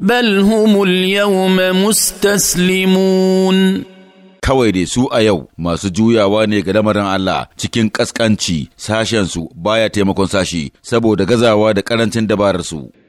bal humul yawma mustaslimun kawai dai su a yau masu juyawa ne ga lamarin Allah cikin ƙasƙanci sashensu baya taimakon sashi saboda gazawa da ƙarancin dabararsu.